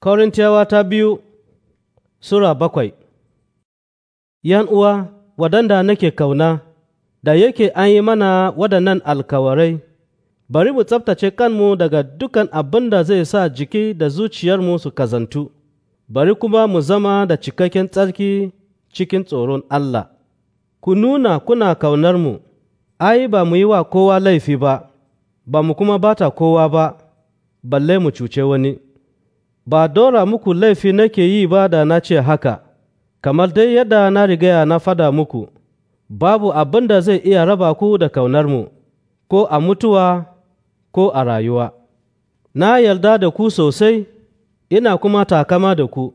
Korintiyawa ta biyu Sura bakwai ’Yan uwa, waɗanda nake kauna, da yake an yi mana waɗannan alkawarai, bari mu tsabtace kanmu daga dukan abin da zai sa jiki da zuciyarmu su kazantu, bari kuma mu zama da cikakken tsarki cikin tsoron Allah. Ku nuna kuna kaunarmu, ai, ba mu yi wa kowa laifi ba, ba mu kuma bata kowa ba, balle mu cuce wani. ba dora muku laifi nake yi ba da na ce haka, kamar dai yadda na rigaya na fada muku, babu abin da zai iya raba ku da kaunarmu, ko a mutuwa ko a rayuwa. Na yarda da ku sosai, ina kuma takama da ku,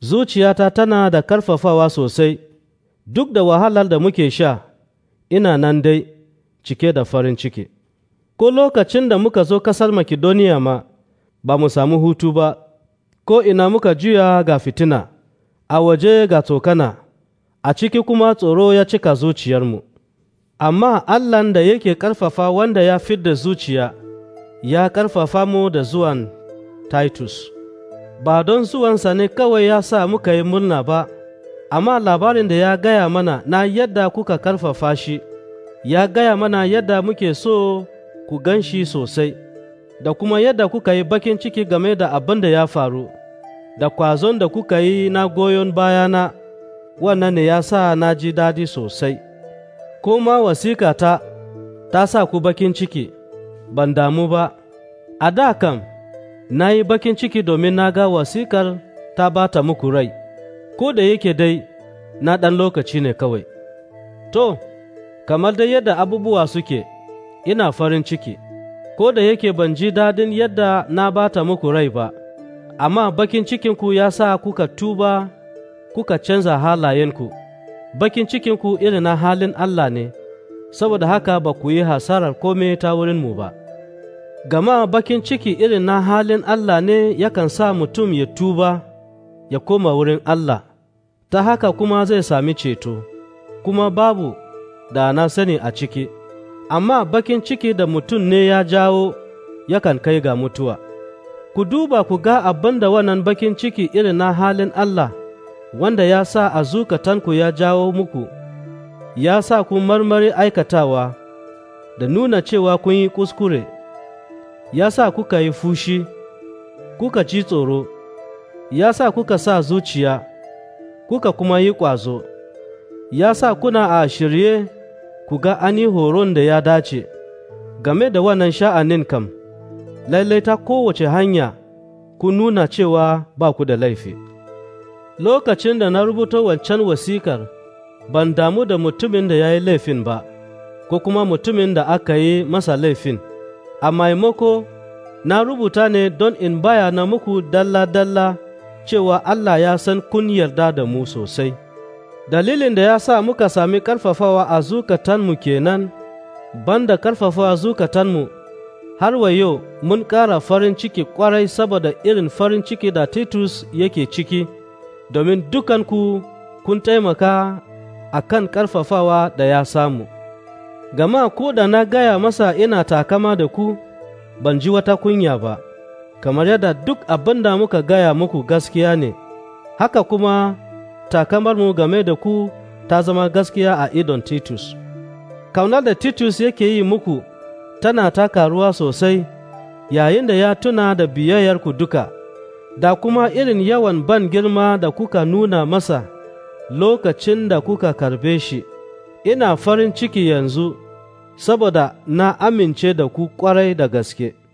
zuciyata tana da ƙarfafawa sosai, duk da wahalar da muke sha, ina nan dai cike da farin ciki. Ko lokacin da muka zo ƙasar Makedoniya ma, ba mu samu hutu ba ko ina muka juya ga fitina, a waje ga tsokana, a ciki kuma tsoro ya cika zuciyarmu. Amma Allahn da yake ƙarfafa wanda ya fidda zuciya, ya ƙarfafa mu da zuwan Titus. Ba don zuwansa ne kawai ya sa muka yi murna ba, amma labarin da ya gaya mana na yadda kuka ƙarfafa shi, ya gaya mana yadda muke so ku gan shi sosai. da kuma yadda kuka yi bakin ciki game da abin da ya faru, da kwazon da kuka yi na goyon bayana, wannan ne ya sa na ji dadi sosai. ko ma wasikata ta sa ku bakin ciki, ban damu ba, a da kam, na yi bakin ciki domin na ga wasikar ta bata muku rai, ko da yake dai na ɗan lokaci ne kawai. To, kamar dai yadda abubuwa suke, ina farin ciki. ko da yake ban ji daɗin yadda na bata muku rai ba, amma bakin cikinku ya sa kuka tuba kuka canza halayenku, bakin cikinku irin na halin Allah ne, saboda haka ba ku yi hasarar kome ta mu ba. Gama bakin ciki irin na halin Allah ne yakan sa mutum ya tuba ya koma wurin Allah, ta haka kuma zai sami ceto, kuma babu da na sani a ciki. amma bakin ciki da mutum ne ya jawo yakan kai ga mutuwa. Ku duba ku ga abin da wannan bakin ciki irin na halin Allah wanda ya sa a zukatanku ya jawo muku, ya sa ku marmari aikatawa da nuna cewa kun yi kuskure, ya sa kuka yi fushi, kuka ci tsoro, ya sa kuka sa zuciya, kuka kuma yi ƙwazo, ya sa kuna a shirye ku ga ani horon da ya dace game da wannan sha'anin kam, lallai ta kowace hanya ku nuna cewa ba ku da laifi. Lokacin da na rubuta wancan wasikar, ban damu da mutumin da ya yi laifin ba, ko kuma mutumin da aka yi masa laifin, a maimako na rubuta ne don in baya na muku dalla-dalla cewa Allah ya san kun yarda da mu sosai. dalilin da ya sa muka sami ƙarfafawa a zukatanmu kenan banda ƙarfafawa zukatanmu har wa yau mun ƙara farin ciki ƙwarai saboda irin farin ciki da titus yake ciki domin dukanku kun taimaka a kan ƙarfafawa da ya samu gama ko da na gaya masa ina takama da ku ban ji wata kunya ba kamar yadda duk abin da muka gaya muku gaskiya ne haka kuma takamarmu game da ku ta zama gaskiya a idon Titus. Kaunar da Titus yake yi muku tana ta karuwa sosai yayin da ya tuna da biyayyarku duka, da kuma irin yawan ban girma da kuka nuna masa lokacin da kuka karbe shi. Ina farin ciki yanzu, saboda na amince da ku kwarai da gaske.